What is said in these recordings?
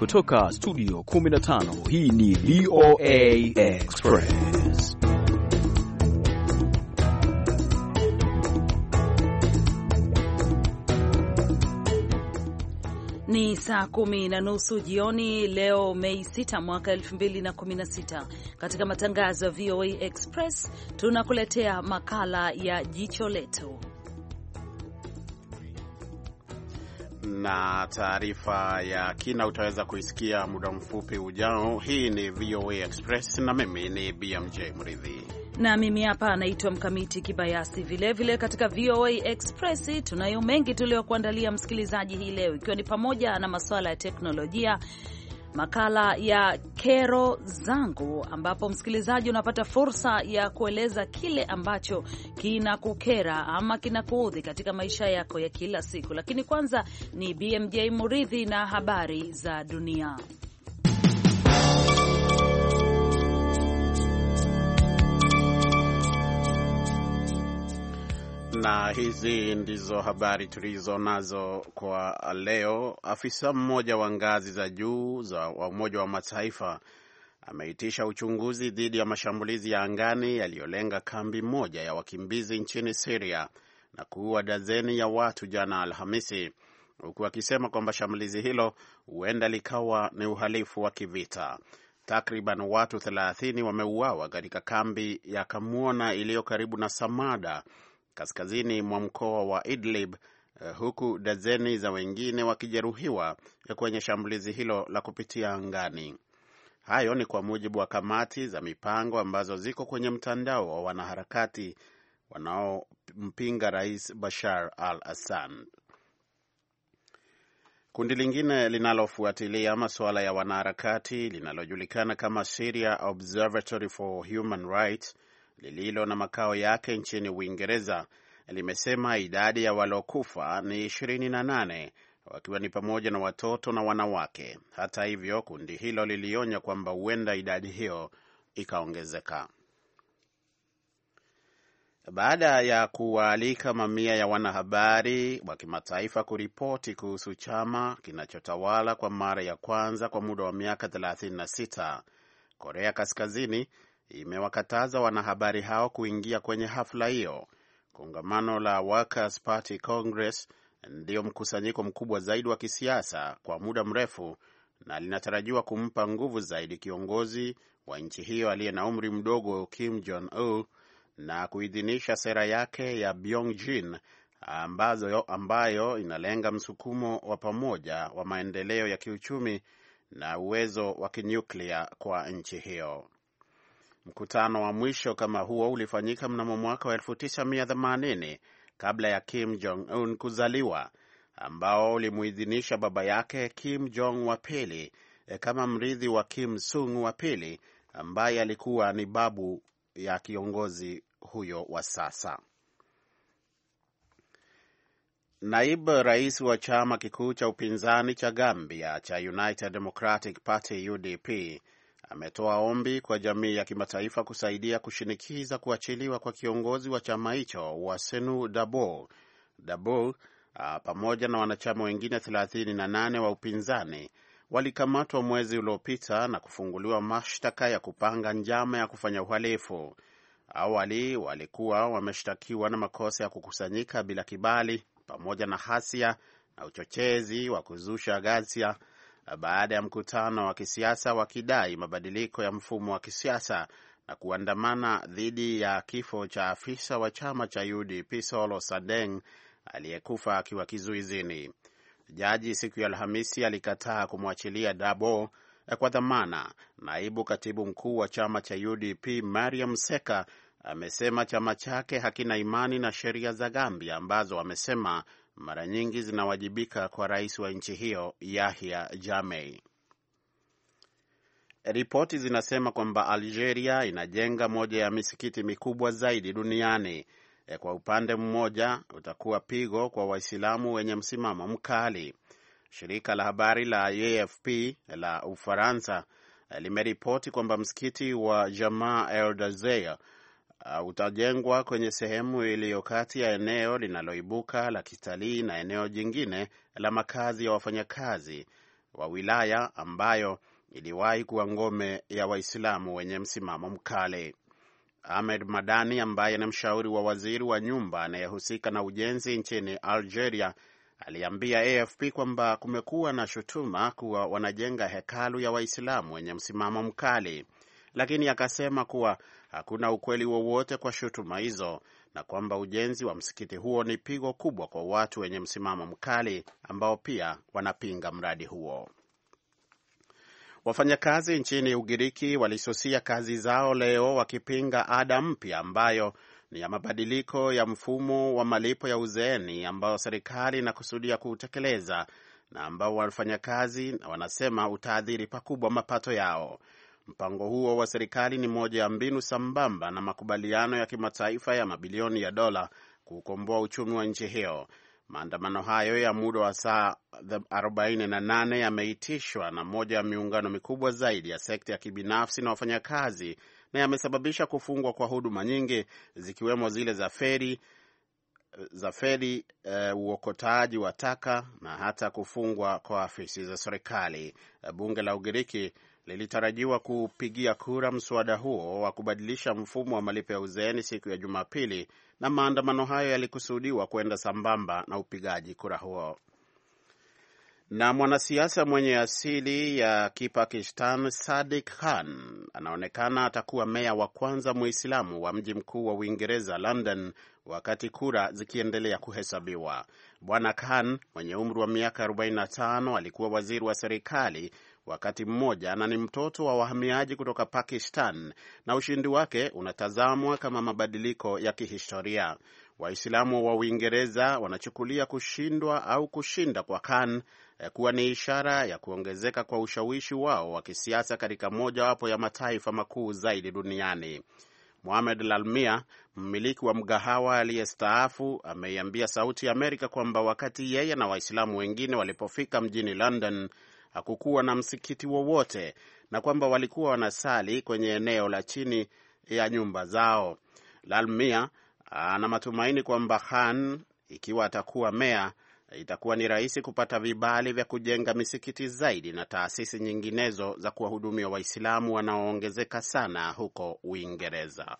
Kutoka studio 15 hii ni VOA Express. Ni saa kumi na nusu jioni leo Mei 6 mwaka 2016. Katika matangazo ya VOA Express tunakuletea makala ya jicho letu na taarifa ya kina utaweza kuisikia muda mfupi ujao. Hii ni VOA Express na mimi ni BMJ Mridhi na mimi hapa anaitwa Mkamiti Kibayasi. Vilevile katika VOA Express tunayo mengi tuliyokuandalia msikilizaji hii leo, ikiwa ni pamoja na masuala ya teknolojia makala ya kero zangu, ambapo msikilizaji unapata fursa ya kueleza kile ambacho kinakukera ama kinakuudhi katika maisha yako ya kila siku. Lakini kwanza ni BMJ Muridhi na habari za dunia. Na hizi ndizo habari tulizo nazo kwa leo. Afisa mmoja wa ngazi za juu za wa Umoja wa Mataifa ameitisha uchunguzi dhidi ya mashambulizi ya angani yaliyolenga kambi moja ya wakimbizi nchini Siria na kuua dazeni ya watu jana Alhamisi, huku akisema kwamba shambulizi hilo huenda likawa ni uhalifu wa kivita. Takriban watu 30 wameuawa katika kambi ya Kamwona iliyo karibu na Samada kaskazini mwa mkoa wa Idlib, eh, huku dazeni za wengine wakijeruhiwa eh, kwenye shambulizi hilo la kupitia angani. Hayo ni kwa mujibu wa kamati za mipango ambazo ziko kwenye mtandao wa wanaharakati wanaompinga Rais Bashar al-Assad. Kundi lingine linalofuatilia masuala ya wanaharakati linalojulikana kama Syria Observatory for Human Rights lililo na makao yake nchini Uingereza limesema idadi ya waliokufa ni 28 wakiwa ni pamoja na watoto na wanawake. Hata hivyo, kundi hilo lilionya kwamba huenda idadi hiyo ikaongezeka. Baada ya kuwaalika mamia ya wanahabari wa kimataifa kuripoti kuhusu chama kinachotawala kwa mara ya kwanza kwa muda wa miaka 36, Korea Kaskazini imewakataza wanahabari hao kuingia kwenye hafla hiyo. Kongamano la Workers Party Congress ndiyo mkusanyiko mkubwa zaidi wa kisiasa kwa muda mrefu na linatarajiwa kumpa nguvu zaidi kiongozi wa nchi hiyo aliye na umri mdogo Kim Jong Un na kuidhinisha sera yake ya Byung-jin ambazo ambayo inalenga msukumo wa pamoja wa maendeleo ya kiuchumi na uwezo wa kinyuklia kwa nchi hiyo. Mkutano wa mwisho kama huo ulifanyika mnamo mwaka wa 1980 kabla ya Kim Jong Un kuzaliwa, ambao ulimuidhinisha baba yake Kim Jong wa pili eh, kama mrithi wa Kim Sung wa pili ambaye alikuwa ni babu ya kiongozi huyo wa sasa. Naibu rais wa chama kikuu cha upinzani cha Gambia cha United Democratic Party UDP ametoa ombi kwa jamii ya kimataifa kusaidia kushinikiza kuachiliwa kwa kiongozi wa chama hicho Wasenu Dabo. Dabo ah, pamoja na wanachama wengine 38 wa upinzani walikamatwa mwezi uliopita na kufunguliwa mashtaka ya kupanga njama ya kufanya uhalifu. Awali walikuwa wameshtakiwa na makosa ya kukusanyika bila kibali pamoja na hasia na uchochezi wa kuzusha ghasia baada ya mkutano wa kisiasa wakidai mabadiliko ya mfumo wa kisiasa na kuandamana dhidi ya kifo cha afisa wa chama cha UDP Solo Sadeng aliyekufa akiwa kizuizini. Jaji siku ya Alhamisi alikataa kumwachilia Dabo eh, kwa dhamana. Naibu katibu mkuu wa chama cha UDP Mariam Seka amesema chama chake hakina imani na sheria za Gambia ambazo amesema mara nyingi zinawajibika kwa rais wa nchi hiyo Yahya Jammeh. Ripoti zinasema kwamba Algeria inajenga moja ya misikiti mikubwa zaidi duniani. E, kwa upande mmoja, utakuwa pigo kwa Waislamu wenye msimamo mkali. Shirika la habari la AFP la Ufaransa e, limeripoti kwamba msikiti wa Jamaa El Dazeir uh, utajengwa kwenye sehemu iliyo kati ya eneo linaloibuka la kitalii na eneo jingine la makazi ya wafanyakazi wa wilaya ambayo iliwahi kuwa ngome ya Waislamu wenye msimamo mkali. Ahmed Madani ambaye ni mshauri wa waziri wa nyumba anayehusika na ujenzi nchini Algeria aliambia AFP kwamba kumekuwa na shutuma kuwa wanajenga hekalu ya Waislamu wenye msimamo mkali, lakini akasema kuwa hakuna ukweli wowote kwa shutuma hizo na kwamba ujenzi wa msikiti huo ni pigo kubwa kwa watu wenye msimamo mkali ambao pia wanapinga mradi huo. Wafanyakazi nchini Ugiriki walisusia kazi zao leo wakipinga ada mpya ambayo ni ya mabadiliko ya mfumo wa malipo ya uzeeni ambayo serikali inakusudia kuutekeleza na ambao wafanyakazi wanasema utaathiri pakubwa mapato yao. Mpango huo wa serikali ni moja ya mbinu sambamba na makubaliano ya kimataifa ya mabilioni ya dola kuukomboa uchumi wa nchi hiyo. Maandamano hayo ya muda wa saa 48 yameitishwa na moja ya miungano mikubwa zaidi ya sekta ya kibinafsi na wafanyakazi na yamesababisha kufungwa kwa huduma nyingi zikiwemo zile za feri za feri, e, uokotaji wa taka na hata kufungwa kwa afisi za serikali. Bunge la Ugiriki lilitarajiwa kupigia kura mswada huo wa kubadilisha mfumo wa malipo ya uzeeni siku ya Jumapili, na maandamano hayo yalikusudiwa kwenda sambamba na upigaji kura huo. Na mwanasiasa mwenye asili ya Kipakistan Sadik Khan anaonekana atakuwa meya wa kwanza Muislamu wa mji mkuu wa Uingereza, London, wakati kura zikiendelea kuhesabiwa. Bwana Khan mwenye umri wa miaka 45 alikuwa waziri wa serikali wakati mmoja na ni mtoto wa wahamiaji kutoka Pakistan, na ushindi wake unatazamwa kama mabadiliko ya kihistoria. Waislamu wa Uingereza wanachukulia kushindwa au kushinda kwa Khan eh, kuwa ni ishara ya kuongezeka kwa ushawishi wao wa kisiasa katika mojawapo ya mataifa makuu zaidi duniani. Mohamed Lalmia, mmiliki wa mgahawa aliyestaafu, ameiambia Sauti ya Amerika kwamba wakati yeye na Waislamu wengine walipofika mjini London hakukuwa na msikiti wowote na kwamba walikuwa wanasali kwenye eneo la chini ya nyumba zao. Lalmia ana matumaini kwamba Khan, ikiwa atakuwa meya, itakuwa ni rahisi kupata vibali vya kujenga misikiti zaidi na taasisi nyinginezo za kuwahudumia Waislamu wanaoongezeka sana huko Uingereza.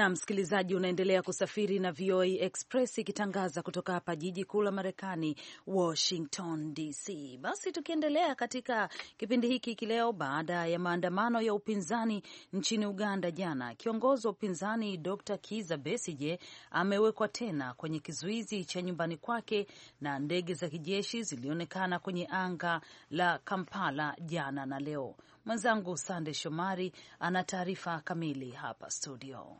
na msikilizaji, unaendelea kusafiri na VOA Express ikitangaza kutoka hapa jiji kuu la Marekani, Washington DC. Basi tukiendelea katika kipindi hiki kileo, baada ya maandamano ya upinzani nchini Uganda jana, kiongozi wa upinzani Dr Kiza Besije amewekwa tena kwenye kizuizi cha nyumbani kwake, na ndege za kijeshi zilionekana kwenye anga la Kampala jana na leo. Mwenzangu Sande Shomari ana taarifa kamili hapa studio.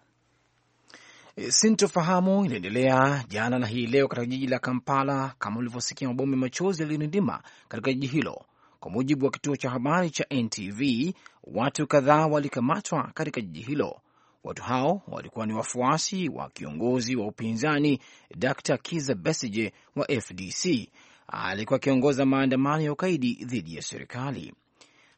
E, sintofahamu inaendelea jana na hii leo katika jiji la Kampala, kama ulivyosikia mabomu ya machozi yaliyonindima katika jiji hilo. Kwa mujibu wa kituo cha habari cha NTV, watu kadhaa walikamatwa katika jiji hilo. Watu hao walikuwa ni wafuasi wa kiongozi wa upinzani Dr Kiza Besige wa FDC, alikuwa akiongoza maandamano ya ukaidi dhidi ya serikali.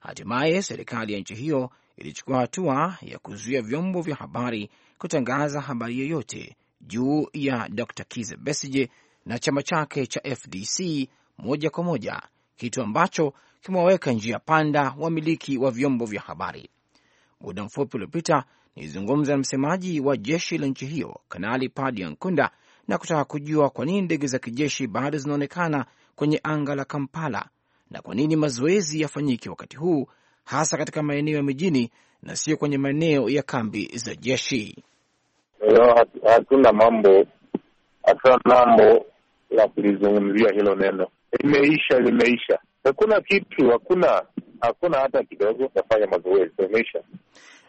Hatimaye serikali ya nchi hiyo ilichukua hatua ya kuzuia vyombo vya habari kutangaza habari yoyote juu ya Dr Kiza Besije na chama chake cha FDC moja kwa moja, kitu ambacho kimewaweka njia panda wamiliki wa vyombo vya habari. Muda mfupi uliopita nilizungumza na msemaji wa jeshi la nchi hiyo Kanali Padi Ankunda na kutaka kujua kwa nini ndege za kijeshi bado zinaonekana kwenye anga la Kampala na kwa nini mazoezi yafanyike wakati huu hasa katika maeneo ya mijini na sio kwenye maeneo ya kambi za jeshi. Kwa hatuna mambo hatuna mambo la kulizungumzia hilo neno, imeisha limeisha, hakuna kitu, hakuna hakuna hata kidogo. Tafanya mazoezi, imeisha.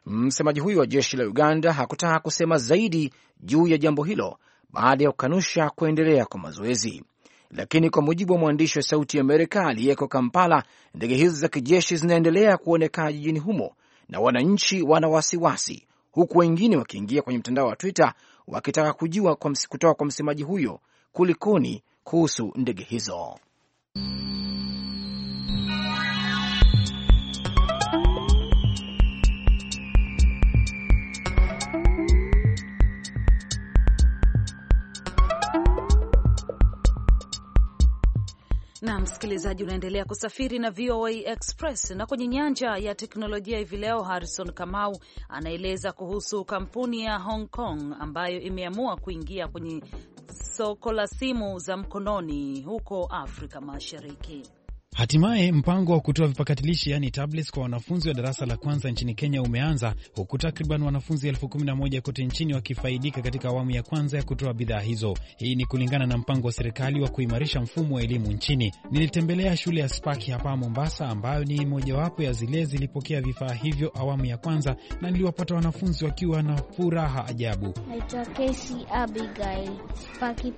Msemaji huyu wa jeshi la Uganda hakutaka kusema zaidi juu ya jambo hilo baada ya kukanusha kuendelea kwa mazoezi, lakini kwa mujibu wa mwandishi wa Sauti Amerika aliyeko Kampala, ndege hizo za kijeshi zinaendelea kuonekana jijini humo na wananchi wana wasiwasi huku wengine wakiingia kwenye mtandao wa Twitter wakitaka kujua kutoka kwa msemaji huyo kulikoni kuhusu ndege hizo. na msikilizaji, unaendelea kusafiri na VOA Express na kwenye nyanja ya teknolojia hivi leo, Harrison Kamau anaeleza kuhusu kampuni ya Hong Kong ambayo imeamua kuingia kwenye soko la simu za mkononi huko Afrika Mashariki. Hatimaye mpango wa kutoa vipakatilishi yaani tablets kwa wanafunzi wa darasa la kwanza nchini Kenya umeanza huku takriban wanafunzi elfu kumi na moja kote nchini wakifaidika katika awamu ya kwanza ya kutoa bidhaa hizo. Hii ni kulingana na mpango wa serikali wa kuimarisha mfumo wa elimu nchini. Nilitembelea shule ya Spaki hapa Mombasa, ambayo ni mojawapo ya zile zilipokea vifaa hivyo awamu ya kwanza, na niliwapata wanafunzi wakiwa na furaha ajabu. Naitwa Kesi Abigail,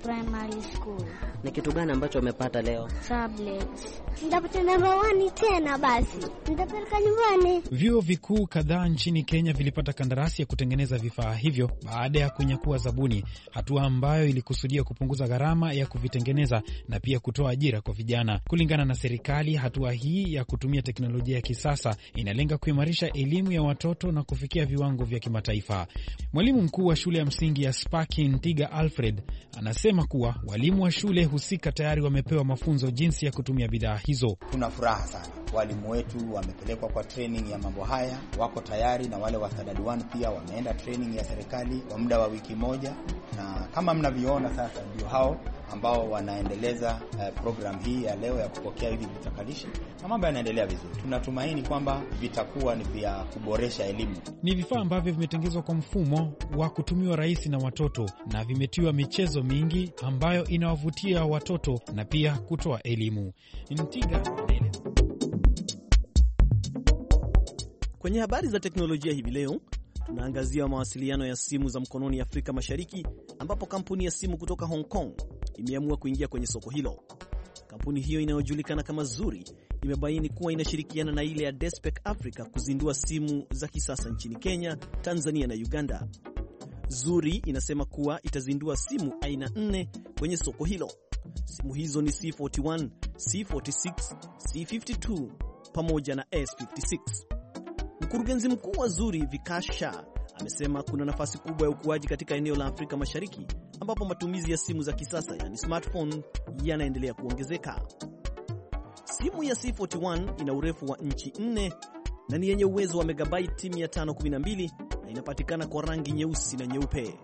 Primary School. Ni kitu gani ambacho wamepata leo? Tablets ndapata namba wani tena basi nitapeleka nyumbani. Vyuo vikuu kadhaa nchini Kenya vilipata kandarasi ya kutengeneza vifaa hivyo baada ya kunyakua zabuni, hatua ambayo ilikusudia kupunguza gharama ya kuvitengeneza na pia kutoa ajira kwa vijana. Kulingana na serikali, hatua hii ya kutumia teknolojia ya kisasa inalenga kuimarisha elimu ya watoto na kufikia viwango vya kimataifa. Mwalimu mkuu wa shule ya msingi ya Spaki Ntiga Alfred anasema kuwa walimu wa shule husika tayari wamepewa mafunzo jinsi ya kutumia bidhaa hizo hizo. Tuna furaha sana, walimu wetu wamepelekwa kwa training ya mambo haya, wako tayari, na wale wa standard 1 pia wameenda training ya serikali kwa muda wa wiki moja, na kama mnavyoona sasa, ndio hao ambao wanaendeleza uh, eh, programu hii ya leo ya kupokea hivi vitakalishi na mambo yanaendelea vizuri. Tunatumaini kwamba vitakuwa ni vya kuboresha elimu. Ni vifaa ambavyo vimetengezwa kwa mfumo wa kutumiwa rahisi na watoto na vimetiwa michezo mingi ambayo inawavutia watoto na pia kutoa elimu. ntiga kwenye habari za teknolojia hivi leo tunaangazia mawasiliano ya simu za mkononi Afrika Mashariki ambapo kampuni ya simu kutoka Hong Kong imeamua kuingia kwenye soko hilo. Kampuni hiyo inayojulikana kama Zuri imebaini kuwa inashirikiana na ile ya Despec Africa kuzindua simu za kisasa nchini Kenya, Tanzania na Uganda. Zuri inasema kuwa itazindua simu aina nne kwenye soko hilo. Simu hizo ni C41, C46, C52 pamoja na S56. Mkurugenzi mkuu wa Zuri Vikasha amesema kuna nafasi kubwa ya ukuaji katika eneo la Afrika Mashariki ambapo matumizi ya simu za kisasa yani smartphone yanaendelea kuongezeka. Simu ya C41 ina urefu wa inchi 4 na ni yenye uwezo wa megabaiti 512 na inapatikana kwa rangi nyeusi na nyeupe.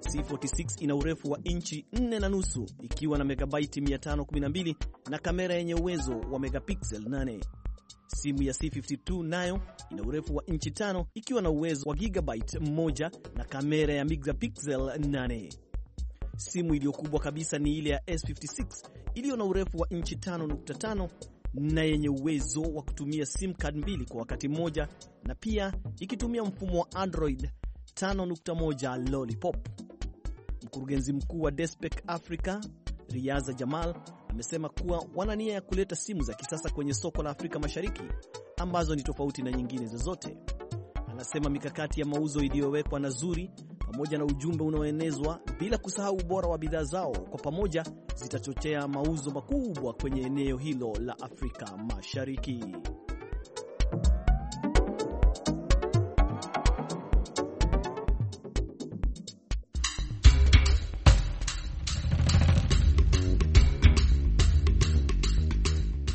C46 ina urefu wa inchi 4 na nusu ikiwa na megabaiti 512 na kamera yenye uwezo wa megapixel 8. Simu ya C52 nayo ina urefu wa inchi tano ikiwa na uwezo wa gigabyte moja na kamera ya megapixel 8. Simu iliyo kubwa kabisa ni ile ya S56 iliyo na urefu wa inchi 5.5 na yenye uwezo wa kutumia sim card mbili kwa wakati mmoja na pia ikitumia mfumo wa Android 5.1 Lollipop. Mkurugenzi mkuu wa Despec Africa Riaza Jamal amesema kuwa wana nia ya kuleta simu za kisasa kwenye soko la Afrika Mashariki ambazo ni tofauti na nyingine zozote. Anasema mikakati ya mauzo iliyowekwa na Zuri pamoja na ujumbe unaoenezwa bila kusahau ubora wa bidhaa zao, kwa pamoja zitachochea mauzo makubwa kwenye eneo hilo la Afrika Mashariki.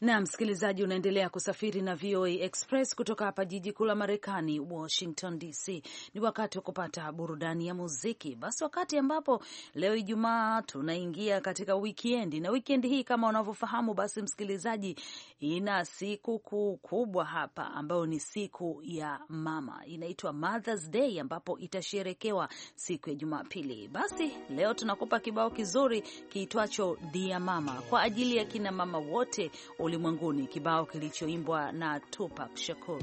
Na msikilizaji, unaendelea kusafiri na VOA Express kutoka hapa jiji kuu la Marekani, Washington DC. Ni wakati wa kupata burudani ya muziki, basi wakati ambapo leo Ijumaa tunaingia katika wikendi, na wikendi hii kama unavyofahamu, basi msikilizaji, ina siku kuu kubwa hapa ambayo ni siku ya mama, inaitwa Mother's Day, ambapo itasherekewa siku ya Jumapili. Basi leo tunakupa kibao kizuri kiitwacho Dia Mama kwa ajili ya kina mama wote ulimwenguni, kibao kilichoimbwa na Tupac Shakur.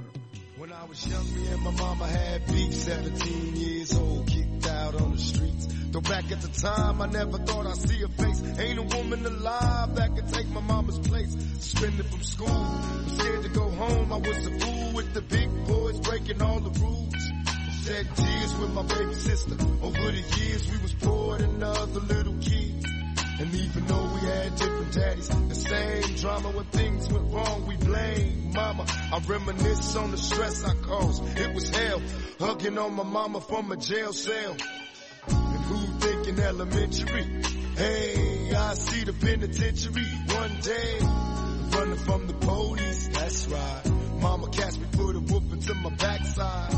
When I was young, me and my mama had beef, 17 years old, kicked out on the streets. Though back at the time, I never thought I'd see a face. Ain't a woman alive that could take my mama's place. Suspended from school, I'm scared to go home. I was a fool with the big boys breaking all the rules. Shed tears with my baby sister. Over the years, we was poor than other little kids. And even though we had different daddies, the same drama when things went wrong, we blame mama. I reminisce on the stress I caused. It was hell, hugging on my mama from a jail cell. And who thinking elementary? Hey, I see the penitentiary one day. Running from the police, that's right. Mama catch me, put a whooping to my backside.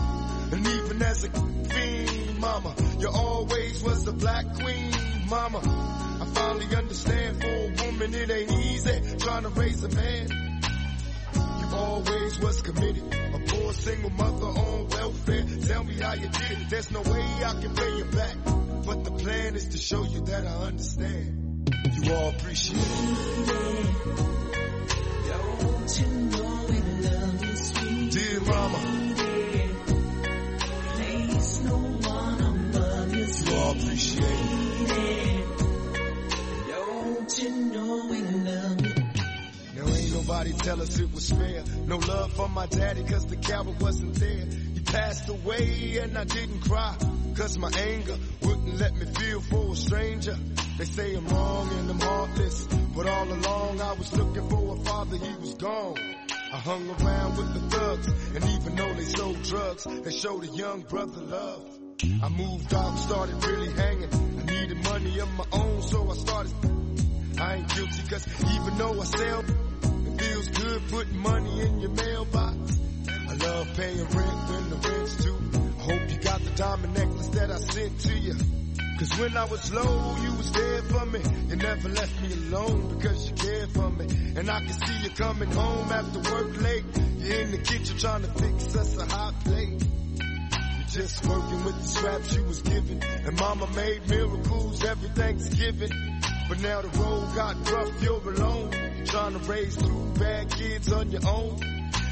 And even as a fiend, mama, you always was the black queen, mama finally understand for a woman it ain't easy trying to raise a man. You always was committed. A poor single mother on welfare. Tell me how you did it. There's no way I can pay you back. But the plan is to show you that I understand. You all appreciate it. mama. place no one above you. You all appreciate it in ain't nobody tell us it was fair. No love for my daddy cause the coward wasn't there. He passed away and I didn't cry. Cause my anger wouldn't let me feel for a stranger. They say I'm wrong and I'm heartless. But all along I was looking for a father, he was gone. I hung around with the thugs, and even though they sold drugs, they showed a young brother love. I moved out and started really hanging. I needed money of my own, so I started I ain't guilty cause even though I sell, it feels good putting money in your mailbox. I love paying rent when the rent's due. I hope you got the diamond necklace that I sent to you. Cause when I was low, you was there for me. You never left me alone because you cared for me. And I can see you coming home after work late. You're in the kitchen trying to fix us a hot plate. You just working with the scraps you was given. And mama made miracles every Thanksgiving. But now the road got rough, you're alone. Trying to raise two bad kids on your own.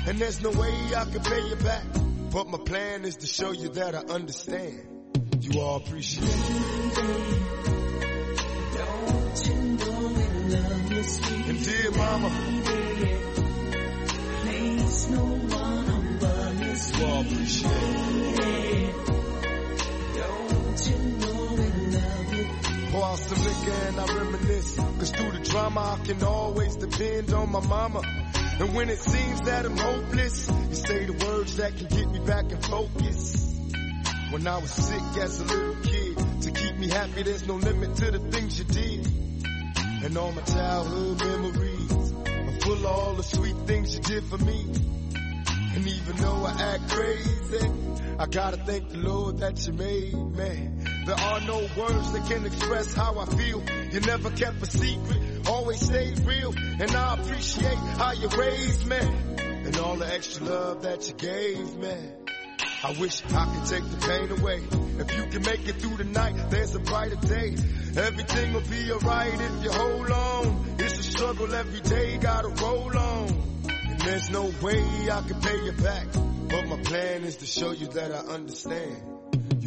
And there's no way I can pay you back. But my plan is to show you that I understand. You all appreciate it. And dear mama, you all appreciate it. I can always depend on my mama. And when it seems that I'm hopeless, you say the words that can get me back in focus. When I was sick as a little kid, to keep me happy, there's no limit to the things you did. And all my childhood memories are full of all the sweet things you did for me. And even though I act crazy, I gotta thank the Lord that you made me. There are no words that can express how I feel. You never kept a secret, always stayed real. And I appreciate how you raised me. And all the extra love that you gave me. I wish I could take the pain away. If you can make it through the night, there's a brighter day. Everything will be alright if you hold on. It's a struggle every day, gotta roll on. And there's no way I can pay you back. But my plan is to show you that I understand.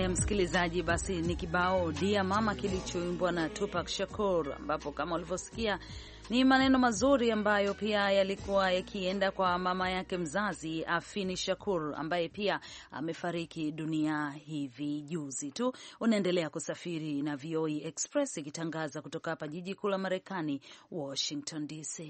Haya msikilizaji, basi ni kibao Dia Mama kilichoimbwa na Tupac Shakur, ambapo kama ulivyosikia ni maneno mazuri ambayo pia yalikuwa yakienda kwa mama yake mzazi Afini Shakur ambaye pia amefariki dunia hivi juzi tu. Unaendelea kusafiri na VOA e Express ikitangaza kutoka hapa jiji kuu la Marekani, Washington DC.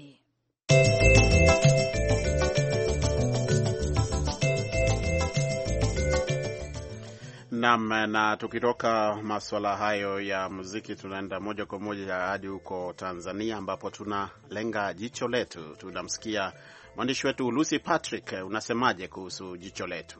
Naam, na tukitoka maswala hayo ya muziki, tunaenda moja kwa moja hadi huko Tanzania, ambapo tunalenga jicho letu. Tunamsikia mwandishi wetu Lucy Patrick, unasemaje kuhusu jicho letu?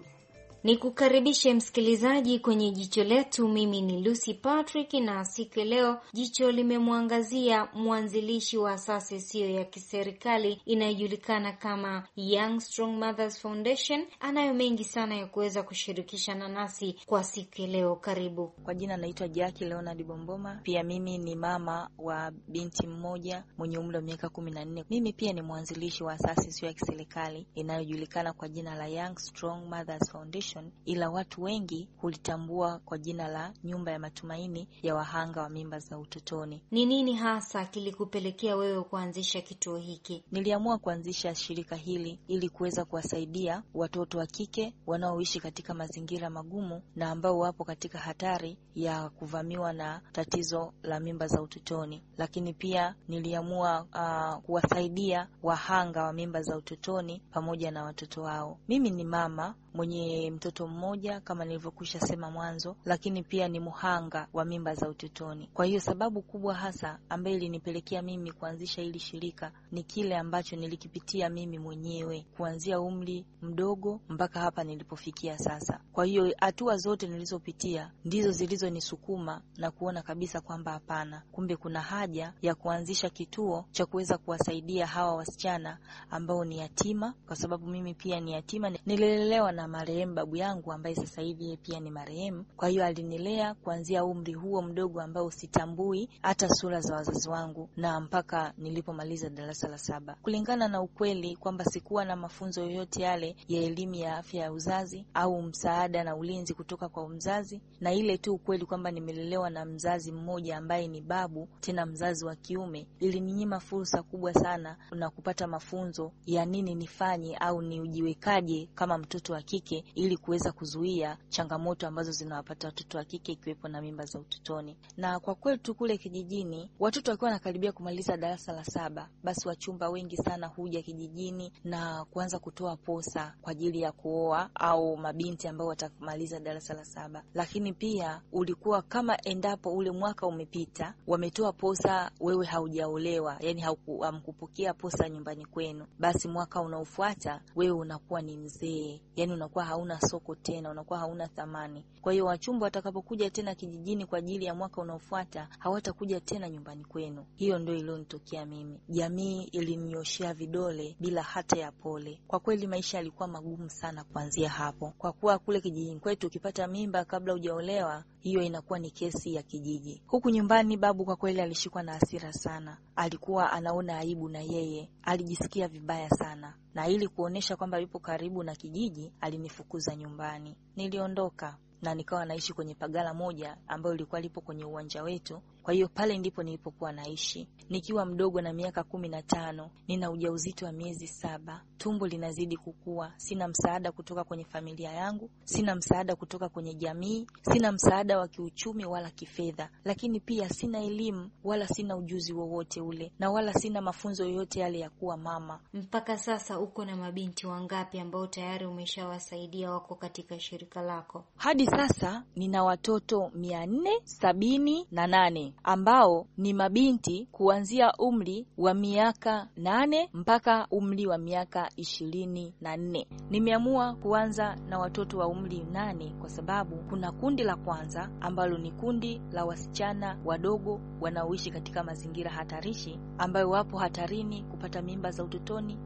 Ni kukaribishe msikilizaji kwenye jicho letu. Mimi ni Lucy Patrick, na siku ya leo jicho limemwangazia mwanzilishi wa asasi isiyo ya kiserikali inayojulikana kama Young Strong Mothers Foundation. Anayo mengi sana ya kuweza kushirikishana nasi kwa siku ya leo. Karibu. Kwa jina naitwa Jackie Leonard Bomboma, pia mimi ni mama wa binti mmoja mwenye umri wa miaka kumi na nne. Mimi pia ni mwanzilishi wa asasi isiyo ya kiserikali inayojulikana kwa jina la Young Strong Mothers Foundation Foundation, ila watu wengi hulitambua kwa jina la nyumba ya matumaini ya wahanga wa mimba za utotoni. Ni nini hasa kilikupelekea wewe kuanzisha kituo hiki? Niliamua kuanzisha shirika hili ili kuweza kuwasaidia watoto wa kike wanaoishi katika mazingira magumu na ambao wapo katika hatari ya kuvamiwa na tatizo la mimba za utotoni, lakini pia niliamua uh, kuwasaidia wahanga wa mimba za utotoni pamoja na watoto wao. Mimi ni mama mwenye mtoto mmoja kama nilivyokwisha sema mwanzo, lakini pia ni muhanga wa mimba za utotoni. Kwa hiyo sababu kubwa hasa ambayo ilinipelekea mimi kuanzisha hili shirika ni kile ambacho nilikipitia mimi mwenyewe kuanzia umri mdogo mpaka hapa nilipofikia sasa. Kwa hiyo hatua zote nilizopitia ndizo zilizonisukuma na kuona kabisa kwamba hapana, kumbe kuna haja ya kuanzisha kituo cha kuweza kuwasaidia hawa wasichana ambao ni yatima, kwa sababu mimi pia ni yatima, nililelewa na na marehemu babu yangu ambaye sasa hivi yeye pia ni marehemu. Kwa hiyo alinilea kuanzia umri huo mdogo ambao sitambui hata sura za wazazi wangu na mpaka nilipomaliza darasa la saba. Kulingana na ukweli kwamba sikuwa na mafunzo yoyote yale ya elimu ya afya ya uzazi au msaada na ulinzi kutoka kwa mzazi, na ile tu ukweli kwamba nimelelewa na mzazi mmoja ambaye ni babu, tena mzazi wa kiume, ilininyima fursa kubwa sana na kupata mafunzo ya nini nifanye au niujiwekaje kama mtoto wa kike ili kuweza kuzuia changamoto ambazo zinawapata watoto wa kike ikiwepo na mimba za utotoni. Na kwa kwetu kule kijijini, watoto wakiwa wanakaribia kumaliza darasa la saba, basi wachumba wengi sana huja kijijini na kuanza kutoa posa kwa ajili ya kuoa au mabinti ambao watamaliza darasa la saba. Lakini pia ulikuwa kama endapo ule mwaka umepita, wametoa posa, wewe haujaolewa, yani hamkupokea posa nyumbani kwenu, basi mwaka unaofuata wewe unakuwa ni mzee yani unakuwa hauna soko tena, unakuwa hauna thamani. Kwa hiyo wachumba watakapokuja tena kijijini kwa ajili ya mwaka unaofuata hawatakuja tena nyumbani kwenu. Hiyo ndio iliyonitokea mimi. Jamii ilinyoshea vidole bila hata ya pole. Kwa kweli maisha yalikuwa magumu sana kuanzia hapo, kwa kuwa kule kijijini kwetu ukipata mimba kabla hujaolewa hiyo inakuwa ni kesi ya kijiji. Huku nyumbani, babu kwa kweli alishikwa na hasira sana, alikuwa anaona aibu na yeye alijisikia vibaya sana na ili kuonyesha kwamba yupo karibu na kijiji, alinifukuza nyumbani. Niliondoka na nikawa naishi kwenye pagala moja ambayo ilikuwa lipo kwenye uwanja wetu kwa hiyo pale ndipo nilipokuwa naishi. Nikiwa mdogo na miaka kumi na tano, nina ujauzito wa miezi saba, tumbo linazidi kukua, sina msaada kutoka kwenye familia yangu, sina msaada kutoka kwenye jamii, sina msaada wa kiuchumi wala kifedha, lakini pia sina elimu wala sina ujuzi wowote ule, na wala sina mafunzo yoyote yale ya kuwa mama. Mpaka sasa uko na mabinti wangapi ambao tayari umeshawasaidia wako katika shirika lako? Hadi sasa nina watoto mia nne sabini na nane ambao ni mabinti kuanzia umri wa miaka nane mpaka umri wa miaka ishirini na nne. Nimeamua kuanza na watoto wa umri nane kwa sababu kuna kundi la kwanza ambalo ni kundi la wasichana wadogo wanaoishi katika mazingira hatarishi ambayo wapo hatarini kupata mimba za utotoni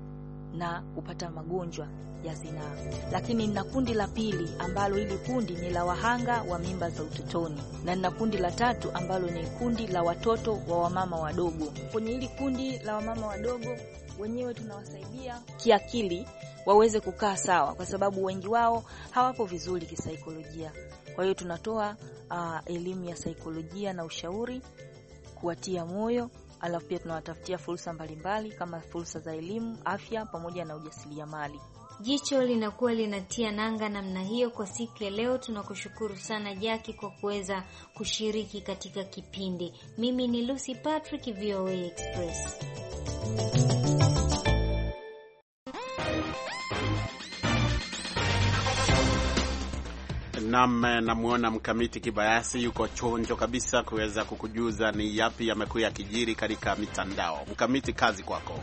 na kupata magonjwa ya zinaa, lakini nina kundi la pili ambalo hili kundi ni la wahanga wa mimba za utotoni, na nina kundi la tatu ambalo ni kundi la watoto wa wamama wadogo. Kwenye hili kundi la wamama wadogo wenyewe tunawasaidia kiakili waweze kukaa sawa, kwa sababu wengi wao hawapo vizuri kisaikolojia. Kwa hiyo tunatoa uh, elimu ya saikolojia na ushauri, kuwatia moyo alafu pia tunawatafutia fursa mbalimbali kama fursa za elimu, afya pamoja na ujasiriamali. Jicho linakuwa linatia nanga namna hiyo kwa siku ya leo. Tunakushukuru sana Jaki kwa kuweza kushiriki katika kipindi. Mimi ni Lucy Patrick, VOA Express. Nam, namwona Mkamiti Kibayasi yuko chonjo kabisa kuweza kukujuza ni yapi yamekuwa yakijiri katika mitandao. Mkamiti, kazi kwako.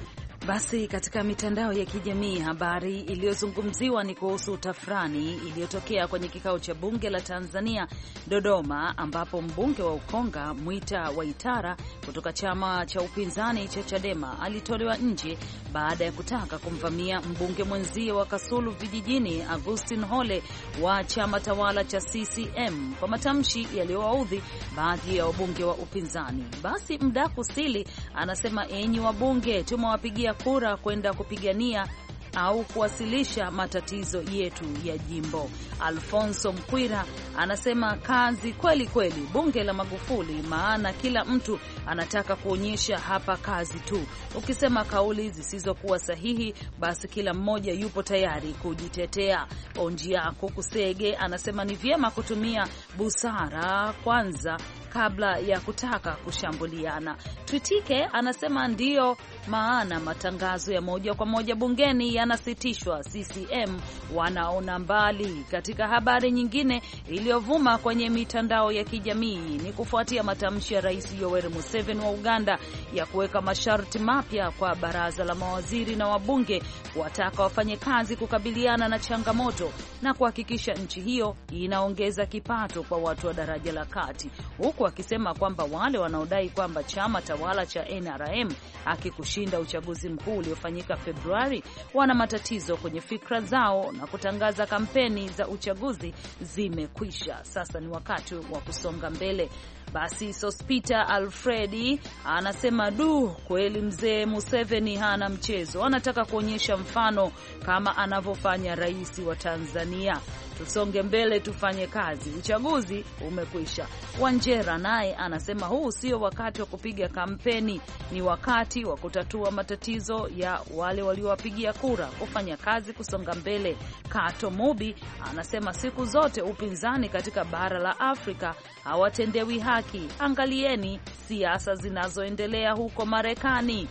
Basi katika mitandao ya kijamii habari iliyozungumziwa ni kuhusu tafrani iliyotokea kwenye kikao cha bunge la Tanzania Dodoma, ambapo mbunge wa Ukonga Mwita Waitara kutoka chama cha upinzani cha Chadema alitolewa nje baada ya kutaka kumvamia mbunge mwenzie wa Kasulu Vijijini Augustin Hole wa chama tawala cha CCM kwa matamshi yaliyowaudhi baadhi ya wabunge wa upinzani. Basi Mdaku Sili anasema, enyi wabunge, tumewapigia kura kwenda kupigania au kuwasilisha matatizo yetu ya jimbo. Alfonso Mkwira anasema kazi kweli kweli, bunge la Magufuli, maana kila mtu anataka kuonyesha hapa kazi tu. Ukisema kauli zisizokuwa sahihi, basi kila mmoja yupo tayari kujitetea. Onji yako Kusege anasema ni vyema kutumia busara kwanza kabla ya kutaka kushambuliana. Twitike anasema ndiyo maana matangazo ya moja kwa moja bungeni yanasitishwa, CCM wanaona mbali. Katika habari nyingine iliyovuma kwenye mitandao ya kijamii ni kufuatia matamshi ya Rais Yoweri Museveni wa Uganda ya kuweka masharti mapya kwa baraza la mawaziri na wabunge kuwataka wafanye kazi kukabiliana na changamoto na kuhakikisha nchi hiyo inaongeza kipato kwa watu wa daraja la kati, huku akisema kwamba wale wanaodai kwamba chama tawala cha NRM akikushinda uchaguzi mkuu uliofanyika Februari wana matatizo kwenye fikra zao na kutangaza kampeni za uchaguzi zimekwisha maisha. Sasa ni wakati wa kusonga mbele. Basi Sospita Alfredi anasema du, kweli mzee Museveni hana mchezo, anataka kuonyesha mfano kama anavyofanya rais wa Tanzania tusonge mbele, tufanye kazi. Uchaguzi umekwisha. Wanjera naye anasema huu sio wakati wa kupiga kampeni, ni wakati wa kutatua matatizo ya wale waliowapigia kura, kufanya kazi, kusonga mbele. Kato Mubi anasema siku zote upinzani katika bara la Afrika hawatendewi haki. Angalieni siasa zinazoendelea huko Marekani.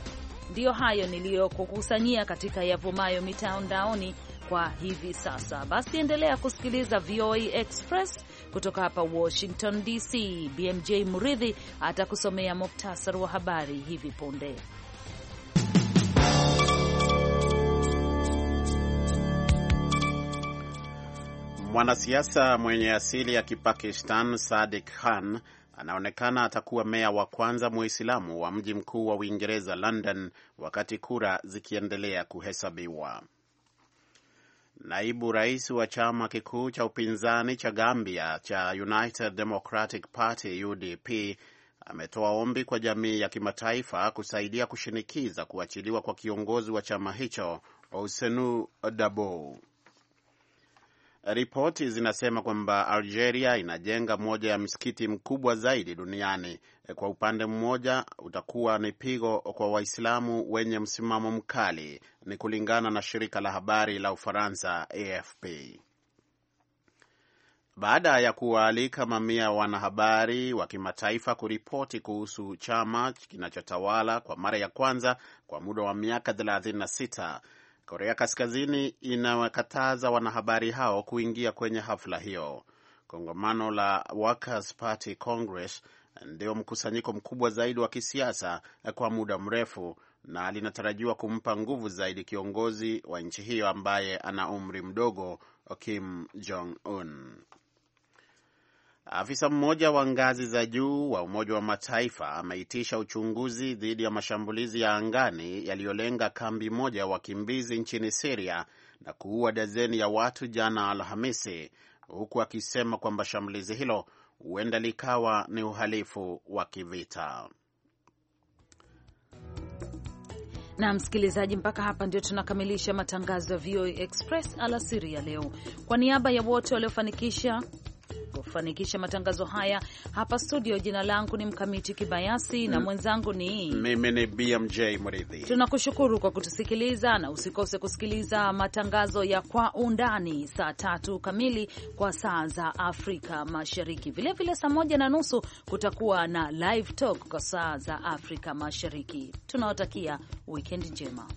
Ndiyo hayo niliyokukusanyia katika yavumayo mitandaoni kwa hivi sasa. Basi endelea kusikiliza VOA Express kutoka hapa Washington DC. BMJ Muridhi atakusomea muktasari wa habari hivi punde. Mwanasiasa mwenye asili ya Kipakistan Sadik Khan anaonekana atakuwa meya wa kwanza Muislamu wa mji mkuu wa Uingereza, London, wakati kura zikiendelea kuhesabiwa. Naibu rais wa chama kikuu cha upinzani cha Gambia cha United Democratic Party UDP ametoa ombi kwa jamii ya kimataifa kusaidia kushinikiza kuachiliwa kwa kiongozi wa chama hicho osenu Dabo. Ripoti zinasema kwamba Algeria inajenga moja ya msikiti mkubwa zaidi duniani. E, kwa upande mmoja, utakuwa ni pigo kwa Waislamu wenye msimamo mkali, ni kulingana na shirika la habari la Ufaransa AFP. Baada ya kuwaalika mamia ya wanahabari wa kimataifa kuripoti kuhusu chama kinachotawala kwa mara ya kwanza kwa muda wa miaka Korea Kaskazini inawakataza wanahabari hao kuingia kwenye hafla hiyo. Kongamano la Workers Party Congress ndio mkusanyiko mkubwa zaidi wa kisiasa kwa muda mrefu na linatarajiwa kumpa nguvu zaidi kiongozi wa nchi hiyo ambaye ana umri mdogo Kim Jong Un. Afisa mmoja wa ngazi za juu wa Umoja wa Mataifa ameitisha uchunguzi dhidi ya mashambulizi ya angani yaliyolenga kambi moja ya wakimbizi nchini Siria na kuua dazeni ya watu jana Alhamisi, huku akisema kwamba shambulizi hilo huenda likawa ni uhalifu wa kivita. na msikilizaji, mpaka hapa ndio tunakamilisha matangazo ya VOA Express alasiri ya leo. Kwa niaba ya wote waliofanikisha kufanikisha matangazo haya hapa studio. Jina langu ni Mkamiti Kibayasi na mm. mwenzangu ni mimi ni BMJ Mridhi. Tunakushukuru kwa kutusikiliza na usikose kusikiliza matangazo ya Kwa Undani saa tatu kamili kwa saa za Afrika Mashariki, vilevile saa moja na nusu kutakuwa na Live Talk kwa saa za Afrika Mashariki. Tunawatakia wikendi njema.